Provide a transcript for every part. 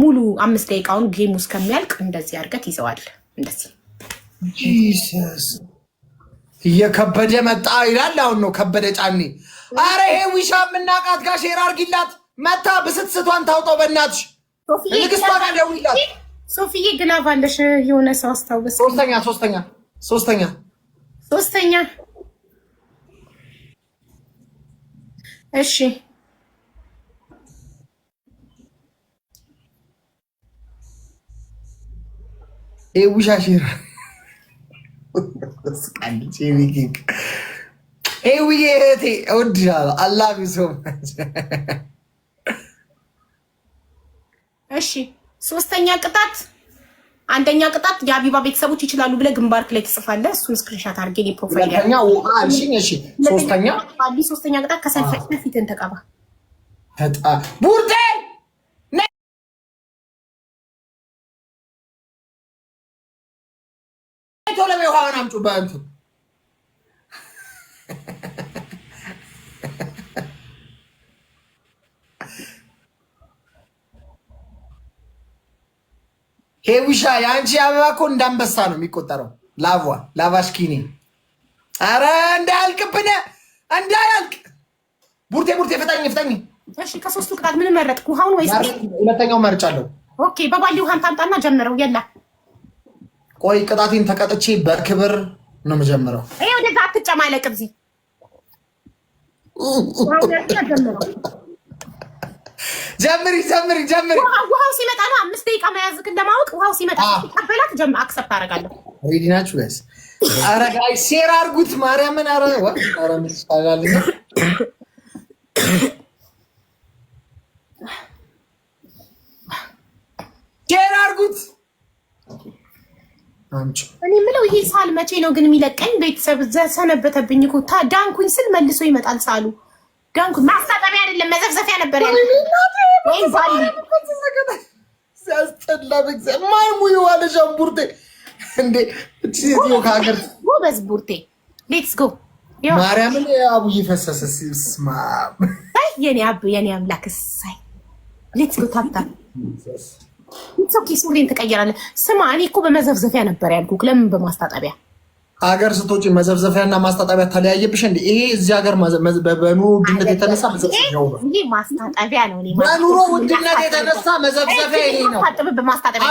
ሙሉ አምስት ደቂቃውን ጌሙ እስከሚያልቅ እንደዚህ አድርገት ይዘዋል። እንደዚህ ጂሰስ እየከበደ መጣ ይላል። አሁን ነው ከበደ ጫኔ። አረ ይሄ ዊሻ የምናቃት ጋር ሼር አርጊላት። መታ ብስትስቷን ታውጣው። በእናትሽ ንግስቷ ጋር ደውይላት። ሶፊዬ ግላቭ አለሽ? የሆነ ሰው አስታውስ። ሶስተኛ ሶስተኛ ሶስተኛ ሶስተኛ እሺ እሺ። ሶስተኛ ቅጣት አንደኛ ቅጣት የአቢባ ቤተሰቦች ይችላሉ ብለህ ግንባርክ ላይ ትጽፋለህ። እሱን ስክሪንሻት አድርጌ ፕሮፋይል ሶስተኛ ቅጣት ከሰፊትን ተቀባ ቶሎ በይ ውሃውን አምጪው በእንትን ሄዊሻ የአንቺ አበባ እኮ እንዳንበሳ ነው የሚቆጠረው። ላቧ ላቫሽኪኒ አረ እንዳያልቅብን እንዳያልቅ። ቡርቴ ቡርቴ ፍጠኝ ፍጠኝ። እሺ ከሶስቱ ቅጣት ምን መረጥክ? ውሃውን ወይስ ሁለተኛው? መርጫለሁ። ኦኬ በባሊ ውሃን ታምጣና ጀምረው የላ ቆይ ቅጣቴን ተቀጥቼ በክብር ነው የምጀምረው። ይሄ ወደ ወደዛ አትጨማለቅ። እዚህ ጀምሪ ጀምሪ ጀምሪ። ውሃው ሲመጣ ነው አምስት ደቂቃ መያዝክ እንደማወቅ። ውሃው ሲመጣ ቀበላት ጀም አክሰፕት አደርጋለሁ። ሬዲ ናችሁ ጋይስ? ኧረ ጋይ ሴራ አድርጉት ማርያምን። አረ ኧረ ምስላል ሴራ አድርጉት እኔ የምለው ይሄ ሳል መቼ ነው ግን የሚለቀኝ? ቤተሰብ ዘሰነበተብኝ እኮ ዳንኩኝ ስል መልሶ ይመጣል ሳሉ። ዳንኩ ማስታጠቢያ አይደለም መዘፍዘፊያ ነበር ያለ ሲያስጠላ በጊዜ ማይሙ የዋለሽ ቡርቴ እንዴ ሴትዮ ከሀገር ጎበዝ ቡርቴ ሌትስ ጎ ማርያምን አቡዬ ፈሰሰ ስማ የኔ አብ የኔ አምላክ ሳይ ሌትስ ጎ ታብታ ሶኬ ሱሪን ትቀይራለህ። ስማ እኔ እኮ በመዘፍዘፊያ ነበር ያልኩህ፣ ለምን በማስታጠቢያ ሀገር ስትወጪ መዘፍዘፊያ ማስታጠቢያ ተለያየብሽ እንዴ? ይሄ እዚህ ሀገር በኑሮ ውድነት የተነሳ ማስታጠቢያ ነው። በኑሮ ውድነት የተነሳ መዘፍዘፊያ ይሄ ነው።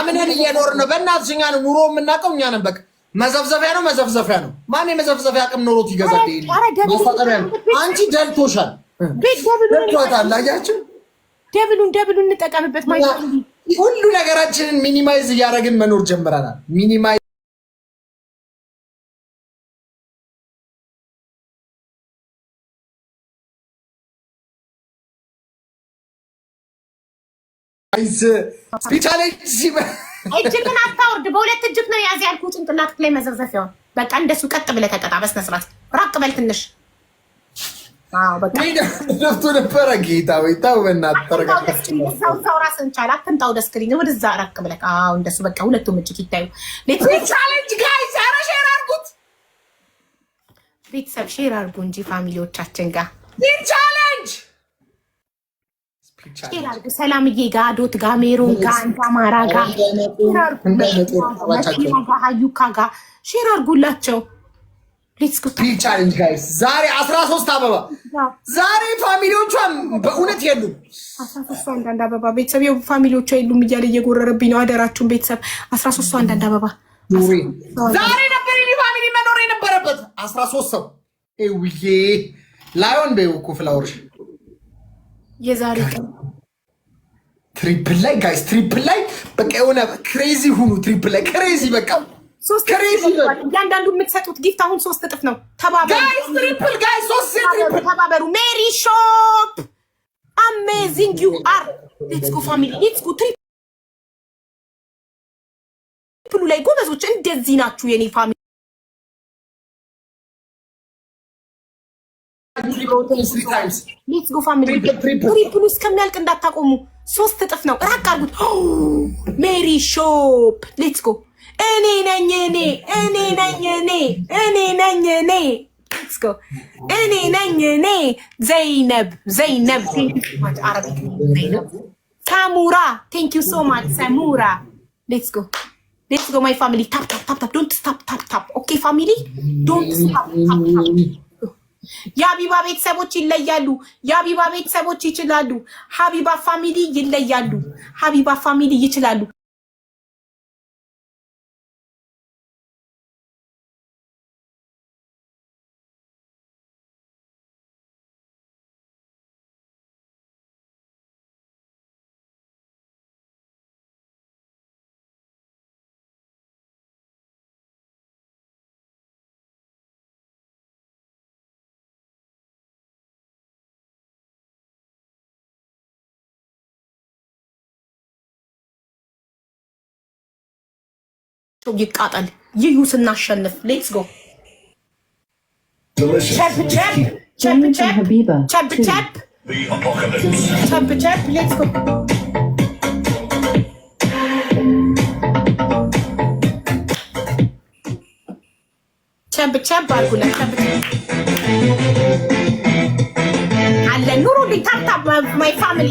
አምነን እየኖር ነው። በእናትሽ እኛ ኑሮ የምናውቀው እኛ ነን። በቃ መዘፍዘፊያ ነው፣ መዘፍዘፊያ ነው። ማን የመዘፍዘፊያ አቅም ኖሮት ይገዛል? ማስታጠቢያ ነው። አንቺ ደልቶሻል፣ ደልቶታል። አያችሁ፣ ደብሉን ደብሉን እንጠቀምበት ማለት ሁሉ ነገራችንን ሚኒማይዝ እያደረግን መኖር ጀምረናል። ሚኒማይዝ ስፒቻ ሲ እጅግን አታወርድ። በሁለት እጅህ ነው የያዝ ያልኩ ጭንቅላት ላይ ይሆን። በቃ እንደሱ ቀጥ ብለህ ተቀጣ። በስነ ራቅ በል ትንሽ ረፍቶ ነበረ ጌታ ወይ ተው፣ በእናትህ ሰው ወደዛ ብለህ እንደሱ በቃ ሁለቱም ይታዩ። ቻሌንጅ ጋይስ፣ ኧረ ሼር ቤተሰብ ሼር እንጂ ፋሚሊዎቻችን ጋር ቻሌንጅ ሰላምዬ ጋ ዶት ጋ ሜሮን ጋ አማራ ጋ ሼር ቻሌንጅ ጋይስ ዛሬ አስራ ሶስት አበባ ዛሬ ፋሚሊዎቿን በእውነት የሉም። አስራ ሶስቱ አንዳንድ አበባ ቤተሰብ ፋሚሊዎቿ የሉም እያለ እየጎረረብኝ ነው። አደራችሁን ቤተሰብ አስራ ሶስቱ አንዳንድ አበባ ዛሬ ነበር ፋሚሊ መኖር የነበረበት። አስራ ሶስት ሰው ውዬ ፍላወር የዛሬ ቀን ትሪፕል ላይ ጋይስ ትሪፕል ላይ በቃ የሆነ ክሬዚ ሁኑ። ትሪፕል ላይ ክሬዚ በቃ እያንዳንዱ የምትሰጡት ጊፍት አሁን ሶስት እጥፍ ነው። ተባበሩ። ሜሪ ሾፕ አሜዚንግ ዩ አር ሌትስ ጎ ፋሚሊ ሌትስ ጎ ትሪፕሉ ላይ ጎበዞች፣ እንደዚህ ናችሁ የኔ ፋሚሊ። ሌትስ ጎ ፋሚሊ ትሪፕሉ እስከሚያልቅ እንዳታቆሙ። ሶስት እጥፍ ነው። ራቅ አድርጉት። ሜሪ ሾፕ ሌትስ ጎ እኔ ነኝ እኔ እኔ ነኝ እኔ እኔ ነኝ እኔ እኔ ነኝ እኔ ዘይነብ ዘይነብ አረቢክ ዘይነብ ሳሙራ ቴንክ ዩ ሶ ማች ሳሙራ ሌትስ ጎ ሌትስ ጎ ማይ ፋሚሊ ታፕ ታፕ ታፕ ታፕ ዶንት ስታፕ ታፕ ታፕ ኦኬ ፋሚሊ ዶንት ስታፕ ታፕ ታፕ የሀቢባ ቤተሰቦች ይለያሉ። የአቢባ ቤተሰቦች ይችላሉ። ሀቢባ ፋሚሊ ይለያሉ። ሀቢባ ፋሚሊ ይችላሉ። ይቃጠል ይዩ ስናሸንፍ ሌትስ ጎ ቸብቸብ አለ ኑሮ ሊታታ ማይ ፋሚሊ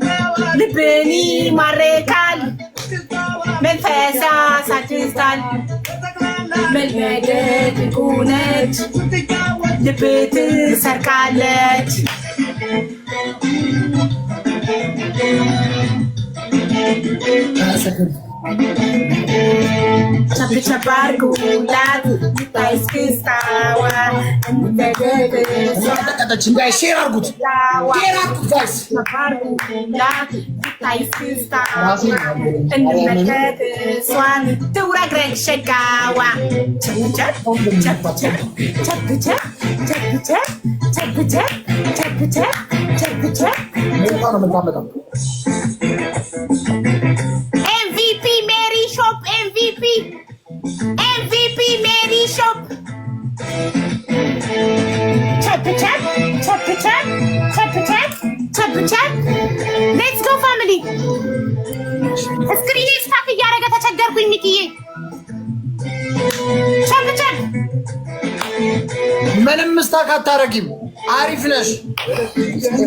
ልብን ይማርካል መንፈሳ ሳትስታል መልመደ ድንቅ ነች ልብ ትሰርቃለች Zapycia parku, lat, tajski stała Zapyta ciągaj się Argut Gierat was parku, ladu, stała Ten kiedy słany, tura grek się gała Czapycia, czapycia, czapycia, czapycia, czapycia, czapycia, czapycia, czapycia, czapycia, czapycia, czapycia, czapycia, czapycia, czapycia, czapycia, czapycia, czapycia, czapycia, czapycia, czapycia, እስክሪን ስታክ እያደረገ ተቸገርኩኝ። ሚኪዬ ቸብቸብ ምንም ምስታክ አታረጊም። አሪፍ ነሽ።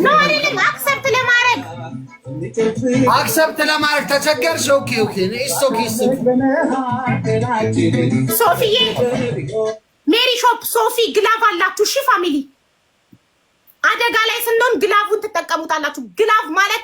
ኖ አይደለም፣ አክሰፕት ለማድረግ አክሰፕት ለማድረግ ተቸገርሽ። ኦኬ ኦኬ፣ ኢትስ ኦኬ። ሶፊዬ ሜሪ ሾፕ ሶፊ ግላቭ አላችሁ? እሺ ፋሚሊ አደጋ ላይ ስንሆን ግላቭን ትጠቀሙታላችሁ። ግላቭ ማለት